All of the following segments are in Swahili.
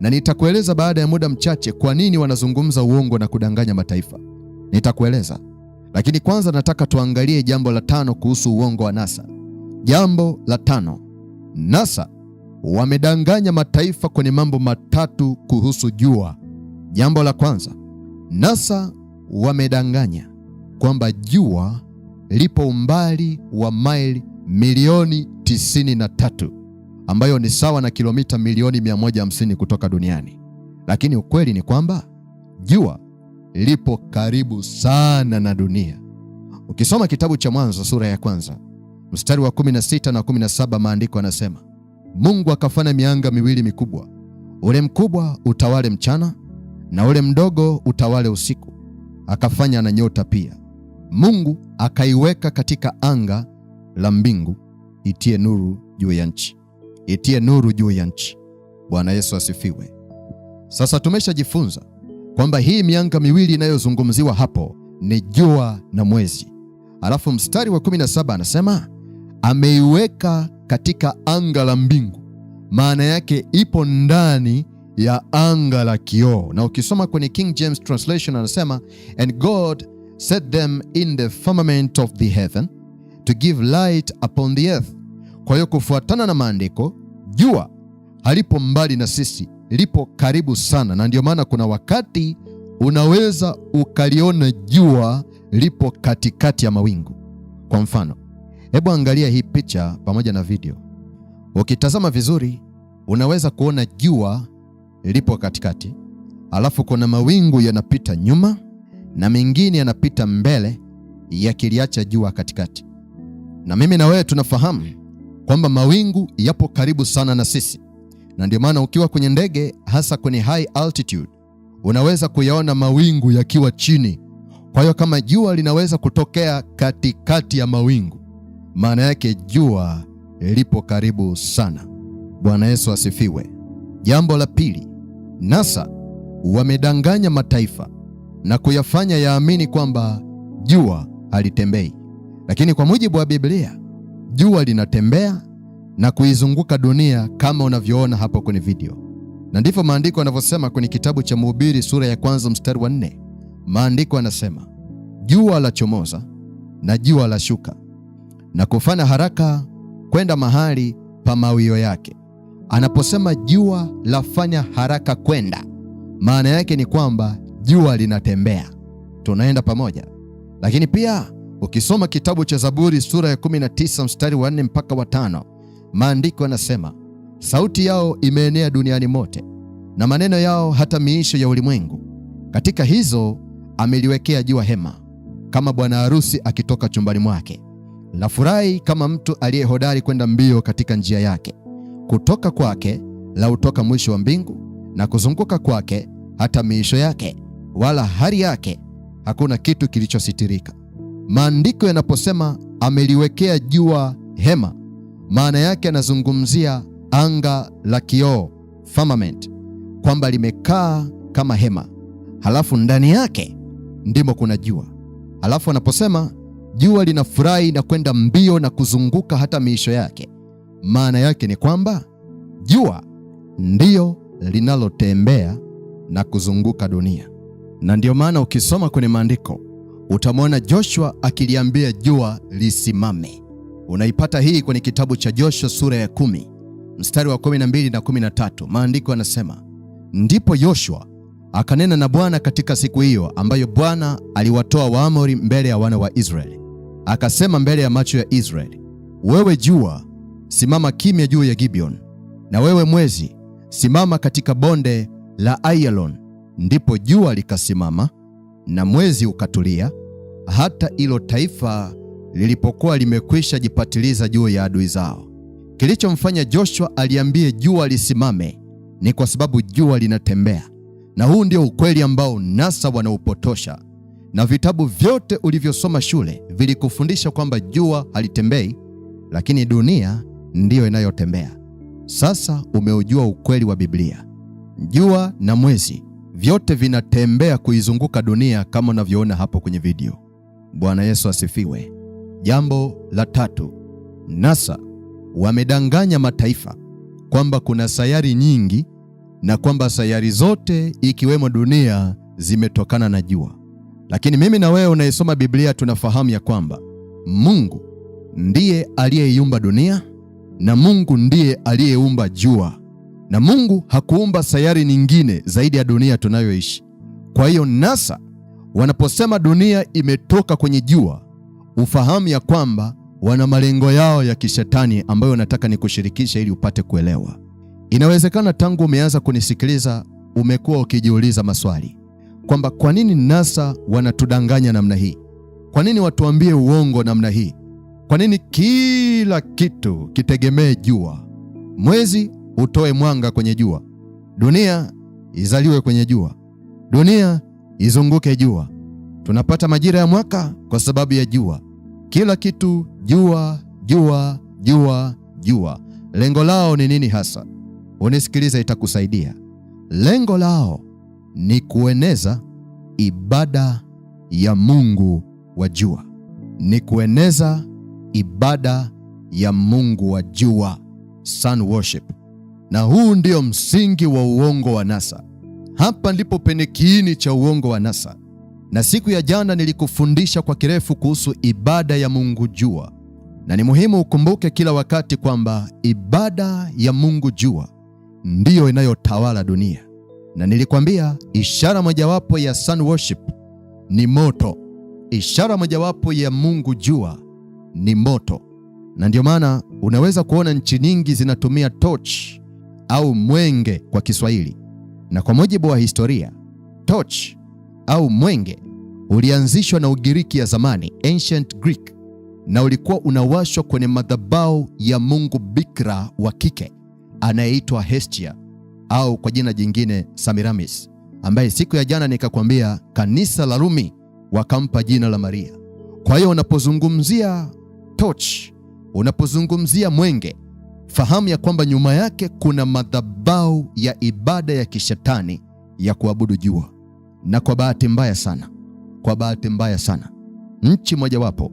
na nitakueleza baada ya muda mchache kwa nini wanazungumza uongo na kudanganya mataifa. Nitakueleza, lakini kwanza nataka tuangalie jambo la tano kuhusu uongo wa NASA. Jambo la tano, NASA wamedanganya mataifa kwenye mambo matatu kuhusu jua. Jambo la kwanza, NASA wamedanganya kwamba jua lipo umbali wa maili milioni na tatu ambayo ni sawa na kilomita milioni 150 kutoka duniani. Lakini ukweli ni kwamba jua lipo karibu sana na dunia. Ukisoma kitabu cha Mwanzo sura ya kwanza mstari wa 16 na 17, maandiko anasema Mungu akafanya mianga miwili mikubwa, ule mkubwa utawale mchana na ule mdogo utawale usiku. Akafanya na nyota pia. Mungu akaiweka katika anga la mbingu itie nuru juu ya nchi itie nuru juu ya nchi. Bwana Yesu asifiwe. Sasa tumeshajifunza kwamba hii mianga miwili inayozungumziwa hapo ni jua na mwezi. Alafu mstari wa 17 anasema ameiweka katika anga la mbingu, maana yake ipo ndani ya anga la kioo. Na ukisoma kwenye King James Translation anasema and God set them in the firmament of the heaven to give light upon the earth. Kwa hiyo kufuatana na maandiko jua halipo mbali na sisi, lipo karibu sana, na ndio maana kuna wakati unaweza ukaliona jua lipo katikati ya mawingu. Kwa mfano, hebu angalia hii picha pamoja na video. Ukitazama vizuri, unaweza kuona jua lipo katikati, alafu kuna mawingu yanapita nyuma na mengine yanapita mbele yakiliacha jua katikati. Na mimi na wewe tunafahamu kwamba mawingu yapo karibu sana na sisi, na ndio maana ukiwa kwenye ndege, hasa kwenye high altitude, unaweza kuyaona mawingu yakiwa chini. Kwa hiyo kama jua linaweza kutokea katikati ya mawingu, maana yake jua lipo karibu sana. Bwana Yesu asifiwe. Jambo la pili, NASA wamedanganya mataifa na kuyafanya yaamini kwamba jua halitembei, lakini kwa mujibu wa Biblia jua linatembea na kuizunguka dunia kama unavyoona hapo kwenye video. Na ndivyo maandiko yanavyosema kwenye kitabu cha Mhubiri sura ya kwanza mstari wa nne. Maandiko yanasema jua la chomoza na jua la shuka na kufanya haraka kwenda mahali pa mawio yake. Anaposema jua lafanya haraka kwenda, maana yake ni kwamba jua linatembea, tunaenda pamoja, lakini pia Ukisoma kitabu cha Zaburi sura ya 19 mstari wa 4 mpaka wa tano, maandiko yanasema sauti yao imeenea duniani mote na maneno yao hata miisho ya ulimwengu. Katika hizo ameliwekea jua hema, kama bwana harusi akitoka chumbani mwake. la furahi kama mtu aliye hodari kwenda mbio katika njia yake. Kutoka kwake la utoka mwisho wa mbingu, na kuzunguka kwake hata miisho yake, wala hari yake hakuna kitu kilichositirika. Maandiko yanaposema ameliwekea jua hema, maana yake anazungumzia anga la kioo firmament, kwamba limekaa kama hema, halafu ndani yake ndimo kuna jua. Halafu anaposema jua linafurahi na kwenda mbio na kuzunguka hata miisho yake, maana yake ni kwamba jua ndiyo linalotembea na kuzunguka dunia, na ndiyo maana ukisoma kwenye maandiko utamwona Joshua akiliambia jua lisimame. Unaipata hii kwenye kitabu cha Joshua sura ya kumi mstari wa kumi na mbili na kumi na tatu. Maandiko yanasema ndipo Yoshua akanena na Bwana katika siku hiyo ambayo Bwana aliwatoa Waamori mbele ya wana wa Israeli, akasema mbele ya macho ya Israeli, wewe jua simama kimya juu ya Gibeon, na wewe mwezi simama katika bonde la Ayalon. Ndipo jua likasimama na mwezi ukatulia, hata ilo taifa lilipokuwa limekwisha jipatiliza juu ya adui zao. Kilichomfanya Joshua aliambie jua lisimame ni kwa sababu jua linatembea, na huu ndio ukweli ambao NASA wanaupotosha, na vitabu vyote ulivyosoma shule vilikufundisha kwamba jua halitembei, lakini dunia ndiyo inayotembea. Sasa umeujua ukweli wa Biblia. Jua na mwezi vyote vinatembea kuizunguka dunia kama unavyoona hapo kwenye video. Bwana Yesu asifiwe. Jambo la tatu, NASA wamedanganya mataifa kwamba kuna sayari nyingi na kwamba sayari zote ikiwemo dunia zimetokana na jua, lakini mimi na wewe unayesoma Biblia tunafahamu ya kwamba Mungu ndiye aliyeiumba dunia na Mungu ndiye aliyeumba jua na Mungu hakuumba sayari nyingine zaidi ya dunia tunayoishi. Kwa hiyo NASA Wanaposema dunia imetoka kwenye jua, ufahamu ya kwamba wana malengo yao ya kishetani ambayo nataka nikushirikisha ili upate kuelewa. Inawezekana tangu umeanza kunisikiliza umekuwa ukijiuliza maswali kwamba kwa nini NASA wanatudanganya namna hii? Kwa nini watuambie uongo namna hii? Kwa nini kila kitu kitegemee jua? Mwezi utoe mwanga kwenye jua, dunia izaliwe kwenye jua, dunia izunguke jua. Tunapata majira ya mwaka kwa sababu ya jua. Kila kitu jua, jua, jua, jua. Lengo lao ni nini hasa? Unisikiliza, itakusaidia. Lengo lao ni kueneza ibada ya Mungu wa jua, ni kueneza ibada ya Mungu wa jua, sun worship. Na huu ndio msingi wa uongo wa NASA. Hapa ndipo penye kiini cha uongo wa NASA. Na siku ya jana nilikufundisha kwa kirefu kuhusu ibada ya Mungu Jua, na ni muhimu ukumbuke kila wakati kwamba ibada ya Mungu Jua ndiyo inayotawala dunia, na nilikwambia ishara mojawapo ya sun worship ni moto. Ishara mojawapo ya Mungu Jua ni moto, na ndiyo maana unaweza kuona nchi nyingi zinatumia torch au mwenge kwa Kiswahili na kwa mujibu wa historia, torch au mwenge ulianzishwa na Ugiriki ya zamani, ancient Greek, na ulikuwa unawashwa kwenye madhabahu ya mungu bikra wa kike anayeitwa Hestia au kwa jina jingine Samiramis, ambaye siku ya jana nikakwambia kanisa la Rumi wakampa jina la Maria. Kwa hiyo unapozungumzia torch, unapozungumzia mwenge fahamu ya kwamba nyuma yake kuna madhabahu ya ibada ya kishetani ya kuabudu jua. Na kwa bahati mbaya sana, kwa bahati mbaya sana, nchi mojawapo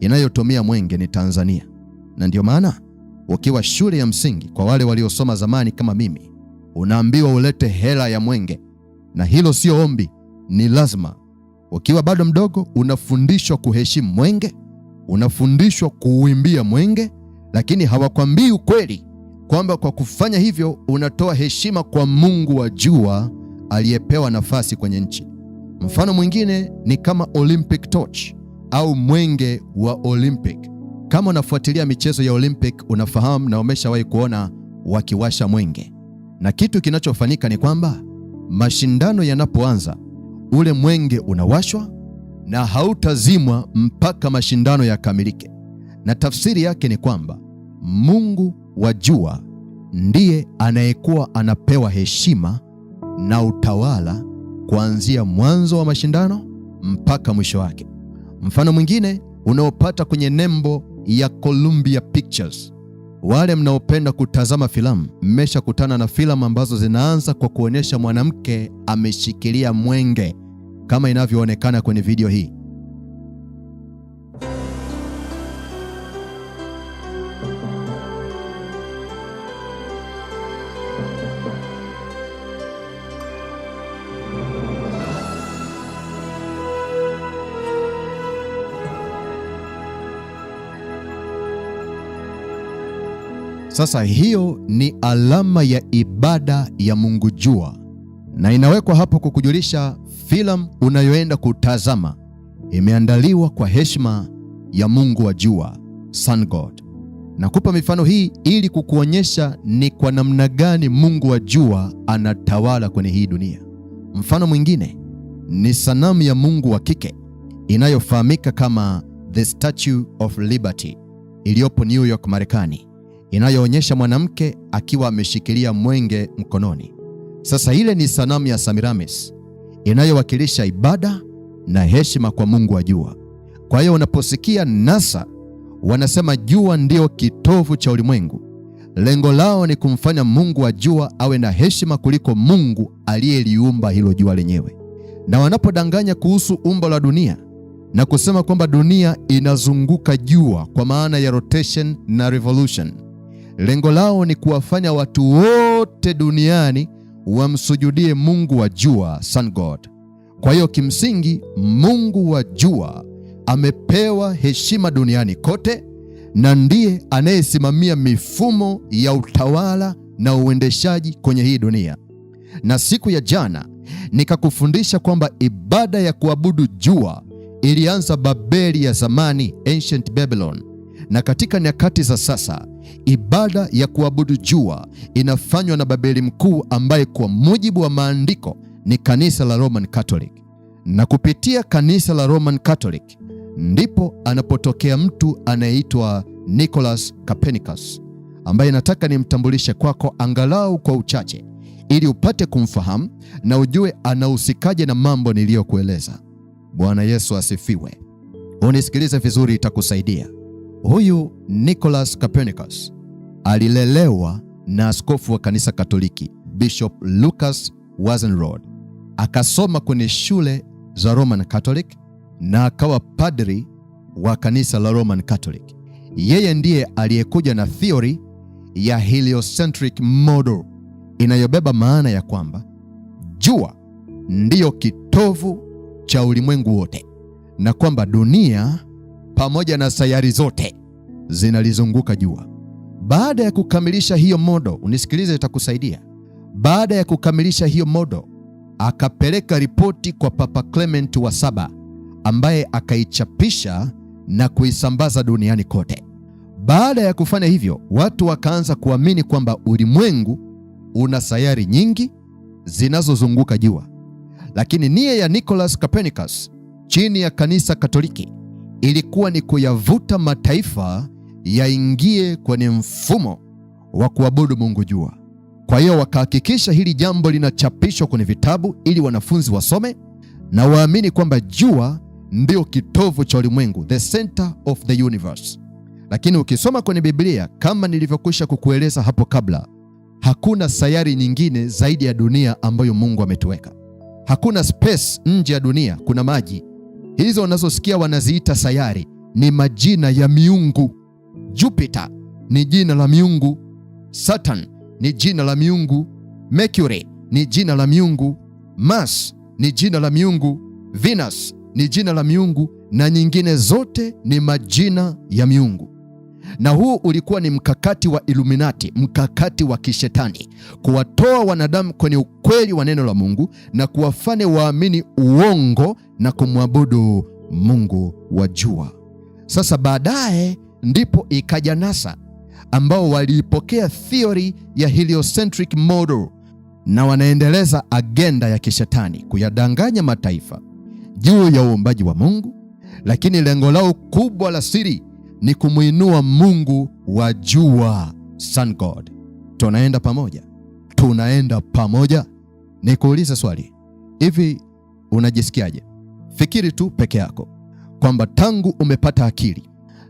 inayotumia mwenge ni Tanzania, na ndio maana ukiwa shule ya msingi, kwa wale waliosoma zamani kama mimi, unaambiwa ulete hela ya mwenge, na hilo sio ombi, ni lazima. Ukiwa bado mdogo, unafundishwa kuheshimu mwenge, unafundishwa kuuimbia mwenge lakini hawakwambii ukweli kwamba kwa kufanya hivyo unatoa heshima kwa Mungu wa jua aliyepewa nafasi kwenye nchi. Mfano mwingine ni kama Olympic torch au mwenge wa Olympic. Kama unafuatilia michezo ya Olympic, unafahamu na umeshawahi kuona wakiwasha mwenge, na kitu kinachofanyika ni kwamba mashindano yanapoanza, ule mwenge unawashwa na hautazimwa mpaka mashindano yakamilike, na tafsiri yake ni kwamba Mungu wa jua ndiye anayekuwa anapewa heshima na utawala kuanzia mwanzo wa mashindano mpaka mwisho wake. Mfano mwingine unaopata kwenye nembo ya Columbia Pictures. Wale mnaopenda kutazama filamu, mmeshakutana na filamu ambazo zinaanza kwa kuonyesha mwanamke ameshikilia mwenge kama inavyoonekana kwenye video hii. Sasa hiyo ni alama ya ibada ya Mungu jua, na inawekwa hapo kukujulisha filamu unayoenda kutazama imeandaliwa kwa heshima ya Mungu wa jua, Sun God. Nakupa mifano hii ili kukuonyesha ni kwa namna gani Mungu wa jua anatawala kwenye hii dunia. Mfano mwingine ni sanamu ya Mungu wa kike inayofahamika kama The Statue of Liberty iliyopo New York, Marekani inayoonyesha mwanamke akiwa ameshikilia mwenge mkononi. Sasa ile ni sanamu ya Samiramis inayowakilisha ibada na heshima kwa mungu wa jua. Kwa hiyo unaposikia NASA wanasema jua ndio kitovu cha ulimwengu, lengo lao ni kumfanya mungu wa jua awe na heshima kuliko mungu aliyeliumba hilo jua lenyewe. Na wanapodanganya kuhusu umbo la dunia na kusema kwamba dunia inazunguka jua kwa maana ya rotation na revolution Lengo lao ni kuwafanya watu wote duniani wamsujudie Mungu wa jua, Sun God. Kwa hiyo kimsingi, Mungu wa jua amepewa heshima duniani kote na ndiye anayesimamia mifumo ya utawala na uendeshaji kwenye hii dunia. Na siku ya jana nikakufundisha kwamba ibada ya kuabudu jua ilianza Babeli ya zamani, ancient Babylon, na katika nyakati za sasa Ibada ya kuabudu jua inafanywa na Babeli mkuu ambaye kwa mujibu wa maandiko ni kanisa la Roman Catholic, na kupitia kanisa la Roman Catholic ndipo anapotokea mtu anayeitwa Nicholas Copernicus ambaye nataka nimtambulishe kwako angalau kwa uchache ili upate kumfahamu na ujue anahusikaje na mambo niliyokueleza. Bwana Yesu asifiwe. Unisikilize vizuri, itakusaidia. Huyu Nicholas Copernicus alilelewa na askofu wa kanisa Katoliki Bishop Lucas wazenrod akasoma kwenye shule za Roman Catholic na akawa padri wa kanisa la Roman Catholic. Yeye ndiye aliyekuja na theory ya heliocentric model inayobeba maana ya kwamba jua ndiyo kitovu cha ulimwengu wote na kwamba dunia pamoja na sayari zote zinalizunguka jua. Baada ya kukamilisha hiyo modo, unisikilize, itakusaidia. Baada ya kukamilisha hiyo modo, akapeleka ripoti kwa Papa Clement wa saba, ambaye akaichapisha na kuisambaza duniani kote. Baada ya kufanya hivyo, watu wakaanza kuamini kwamba ulimwengu una sayari nyingi zinazozunguka jua. Lakini nia ya Nicholas Copernicus chini ya kanisa Katoliki ilikuwa ni kuyavuta mataifa yaingie kwenye mfumo wa kuabudu Mungu jua. Kwa hiyo wakahakikisha hili jambo linachapishwa kwenye vitabu ili wanafunzi wasome na waamini kwamba jua ndio kitovu cha ulimwengu, the center of the universe. Lakini ukisoma kwenye Biblia kama nilivyokwisha kukueleza hapo kabla, hakuna sayari nyingine zaidi ya dunia ambayo Mungu ametuweka. Hakuna space nje ya dunia. Kuna maji, Hizo unazosikia wanaziita sayari ni majina ya miungu. Jupiter ni jina la miungu, Saturn ni jina la miungu, Mercury ni jina la miungu, Mars ni jina la miungu, Venus ni jina la miungu na nyingine zote ni majina ya miungu na huu ulikuwa ni mkakati wa iluminati mkakati wa kishetani kuwatoa wanadamu kwenye ukweli wa neno la Mungu na kuwafanya waamini uongo na kumwabudu Mungu wa jua. Sasa baadaye ndipo ikaja NASA ambao waliipokea theory ya heliocentric model na wanaendeleza agenda ya kishetani kuyadanganya mataifa juu ya uumbaji wa Mungu, lakini lengo lao kubwa la siri ni kumwinua Mungu wa jua, Sun God. Tunaenda pamoja, tunaenda pamoja. Nikuulize swali, hivi unajisikiaje? Fikiri tu peke yako kwamba tangu umepata akili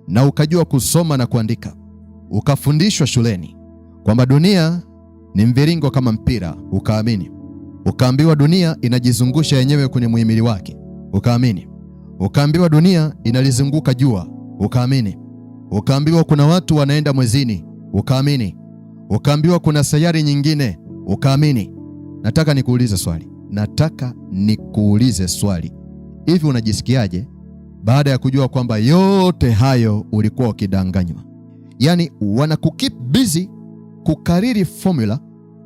na ukajua kusoma na kuandika, ukafundishwa shuleni kwamba dunia ni mviringo kama mpira, ukaamini, ukaambiwa dunia inajizungusha yenyewe kwenye muhimili wake, ukaamini, ukaambiwa dunia inalizunguka jua, ukaamini ukaambiwa kuna watu wanaenda mwezini, ukaamini. Ukaambiwa kuna sayari nyingine, ukaamini. Nataka nikuulize swali, nataka nikuulize swali. Hivi unajisikiaje baada ya kujua kwamba yote hayo ulikuwa ukidanganywa? Yaani wanakukeep busy kukariri formula,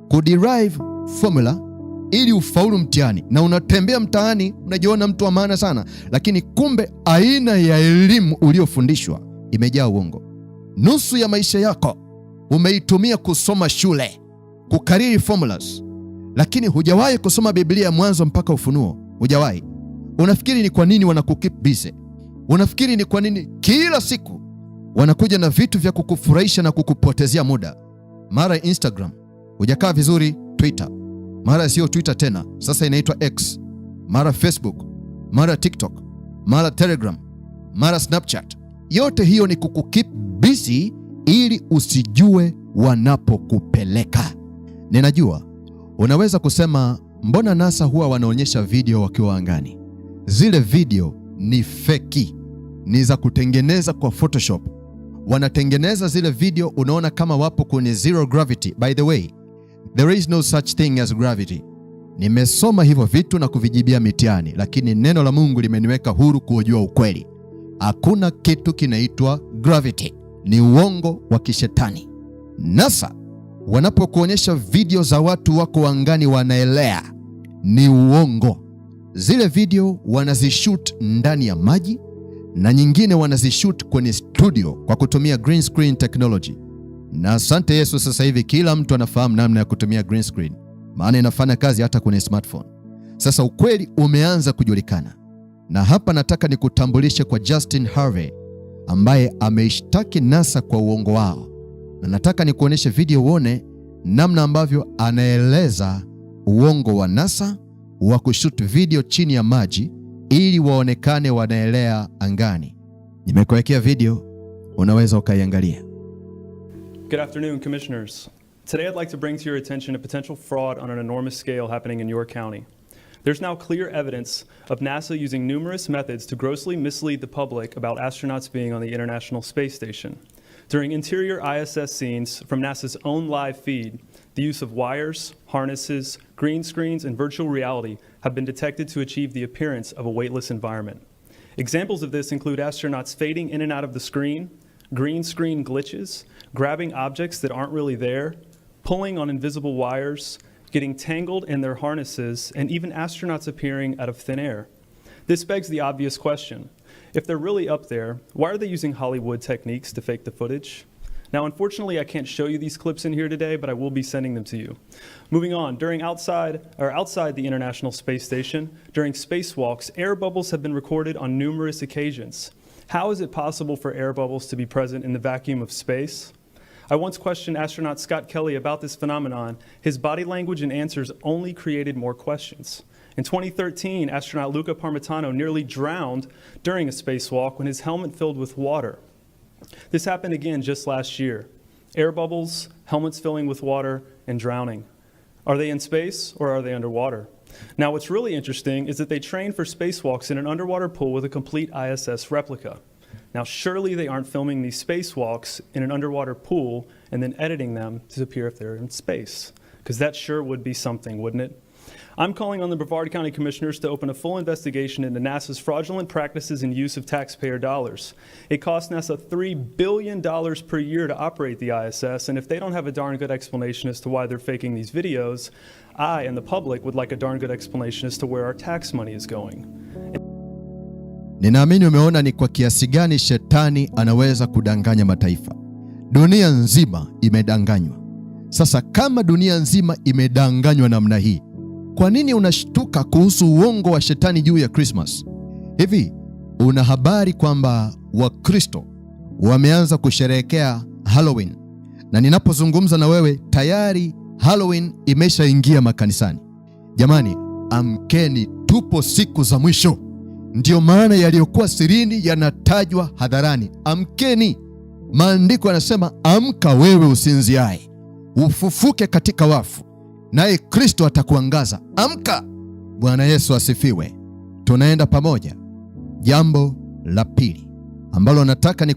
kuderive formula ili ufaulu mtihani, na unatembea mtaani unajiona mtu wa maana sana, lakini kumbe aina ya elimu uliofundishwa imejaa uongo. Nusu ya maisha yako umeitumia kusoma shule, kukariri formulas, lakini hujawahi kusoma Biblia ya mwanzo mpaka Ufunuo. Hujawahi. Unafikiri ni kwa nini wanakukip busy? Unafikiri ni kwa nini kila siku wanakuja na vitu vya kukufurahisha na kukupotezea muda? Mara Instagram hujakaa vizuri, Twitter mara siyo Twitter tena, sasa inaitwa X, mara Facebook, mara TikTok, mara Telegram, mara Snapchat yote hiyo ni kukukip busy ili usijue wanapokupeleka. Ninajua unaweza kusema mbona NASA huwa wanaonyesha video wakiwa angani? Zile video ni feki, ni za kutengeneza kwa Photoshop. Wanatengeneza zile video, unaona kama wapo kwenye zero gravity. By the way, there is no such thing as gravity. Nimesoma hivyo vitu na kuvijibia mitihani, lakini neno la Mungu limeniweka huru kuojua ukweli. Hakuna kitu kinaitwa gravity, ni uongo wa kishetani. NASA wanapokuonyesha video za watu wako angani wanaelea, ni uongo. Zile video wanazishoot ndani ya maji na nyingine wanazishoot kwenye studio kwa kutumia green screen technology. Na asante Yesu, sasa hivi kila mtu anafahamu namna ya kutumia green screen, maana inafanya kazi hata kwenye smartphone. Sasa ukweli umeanza kujulikana. Na hapa nataka nikutambulishe kwa Justin Harvey ambaye ameishtaki NASA kwa uongo wao, na nataka nikuonyeshe video uone namna ambavyo anaeleza uongo wa NASA wa kushuti video chini ya maji ili waonekane wanaelea angani. Nimekuwekea video, unaweza ukaiangalia. Good afternoon, commissioners. Today I'd like to bring to your attention a potential fraud on an enormous scale happening in your county. There's now clear evidence of NASA using numerous methods to grossly mislead the public about astronauts being on the International Space Station. During interior ISS scenes from NASA's own live feed, the use of wires, harnesses, green screens, and virtual reality have been detected to achieve the appearance of a weightless environment. Examples of this include astronauts fading in and out of the screen, green screen glitches, grabbing objects that aren't really there, pulling on invisible wires, getting tangled in their harnesses, and even astronauts appearing out of thin air. This begs the obvious question. If they're really up there, why are they using Hollywood techniques to fake the footage? Now, unfortunately, I can't show you these clips in here today, but I will be sending them to you. Moving on, during outside or outside the International Space Station, during spacewalks, air bubbles have been recorded on numerous occasions. How is it possible for air bubbles to be present in the vacuum of space? I once questioned astronaut Scott Kelly about this phenomenon. His body language and answers only created more questions. In 2013, astronaut Luca Parmitano nearly drowned during a spacewalk when his helmet filled with water. This happened again just last year. Air bubbles, helmets filling with water, and drowning. Are they in space or are they underwater? Now, what's really interesting is that they train for spacewalks in an underwater pool with a complete ISS replica. Now, surely they aren't filming these spacewalks in an underwater pool and then editing them to appear if they're in space, because that sure would be something, wouldn't it? I'm calling on the Brevard County Commissioners to open a full investigation into NASA's fraudulent practices and use of taxpayer dollars. It costs NASA $3 billion per year to operate the ISS, and if they don't have a darn good explanation as to why they're faking these videos, I and the public would like a darn good explanation as to where our tax money is going. Ninaamini umeona ni kwa kiasi gani shetani anaweza kudanganya mataifa. Dunia nzima imedanganywa. Sasa kama dunia nzima imedanganywa namna hii, kwa nini unashtuka kuhusu uongo wa shetani juu ya Krismas? Hivi una habari kwamba Wakristo wameanza kusherehekea Halloween? Na ninapozungumza na wewe tayari Halloween imeshaingia makanisani. Jamani, amkeni, tupo siku za mwisho. Ndiyo maana yaliyokuwa sirini yanatajwa hadharani. Amkeni, maandiko yanasema, amka wewe usinziaye, ufufuke katika wafu, naye Kristo atakuangaza. Amka. Bwana Yesu asifiwe. Tunaenda pamoja. Jambo la pili ambalo nataka ni